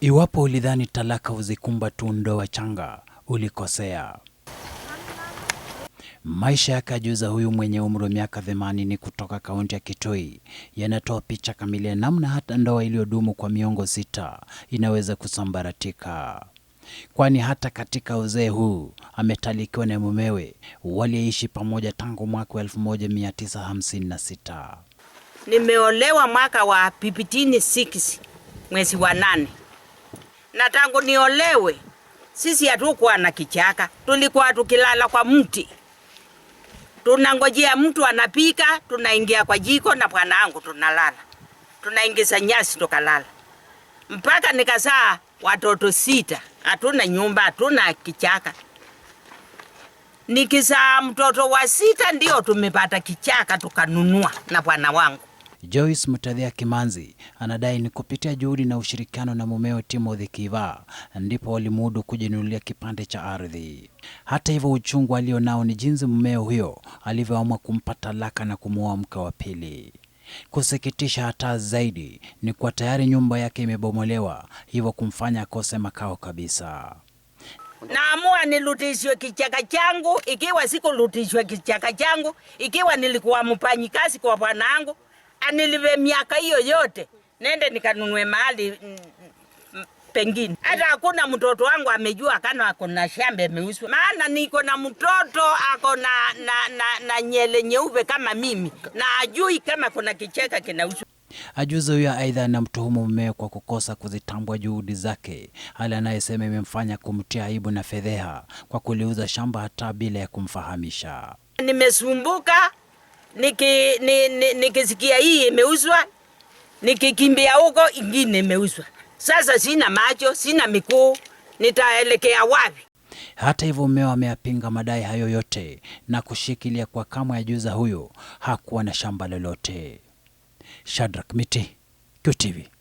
Iwapo ulidhani talaka huzikumba tu ndoa changa, ulikosea. Maisha ya Kajuza huyu mwenye umri wa miaka 80 kutoka kaunti ya Kitui yanatoa picha kamili ya namna hata ndoa iliyodumu kwa miongo sita inaweza kusambaratika, kwani hata katika uzee huu ametalikiwa na mumewe waliyeishi pamoja tangu mwaka wa 1956. Nimeolewa mwaka wa 56 mwezi wa nane na tangu niolewe sisi hatukuwa na kichaka, tulikuwa tukilala kwa mti, tunangojea mtu anapika, tunaingia kwa jiko na bwana wangu tunalala, tunaingiza nyasi tukalala, mpaka nikazaa watoto sita. Hatuna nyumba, hatuna kichaka. Nikizaa mtoto wa sita ndio tumepata kichaka, tukanunua na bwana wangu Joyce Mutadhia Kimanzi anadai ni kupitia juhudi na ushirikiano na mumeo Timothy Kiva ndipo walimudu kujinunulia kipande cha ardhi. Hata hivyo, uchungu alionao ni jinsi mumeo huyo alivyoamua kumpa talaka na kumuoa mke wa pili. Kusikitisha hata zaidi ni kuwa tayari nyumba yake imebomolewa, hivyo kumfanya akose makao kabisa. Naamua nilutishwe kichaka changu, ikiwa sikurudishwe kichaka changu, ikiwa nilikuwa mfanyikazi kwa bwana wangu anilive miaka hiyo yote nende nikanunue mahali mm, mm, pengine. Hata hakuna mtoto wangu amejua kana ako na shamba ameuswa maana niko na mtoto ako na, na, na, na nyele nyeupe kama mimi na ajui kama kuna kicheka kinauswa Ajuza huyo aidha anamtuhumu mmee kwa kukosa kuzitambua juhudi zake, hali anayesema imemfanya kumtia aibu na fedheha kwa kuliuza shamba hata bila ya kumfahamisha. Nimesumbuka nikisikia ni, ni, niki hii imeuzwa, nikikimbia huko ingine imeuzwa. Sasa sina macho, sina miguu, nitaelekea wapi? Hata hivyo mmeo ameyapinga madai hayo yote na kushikilia kwa kamwe ya juza huyo hakuwa na shamba lolote. Shadrack Miti, QTV.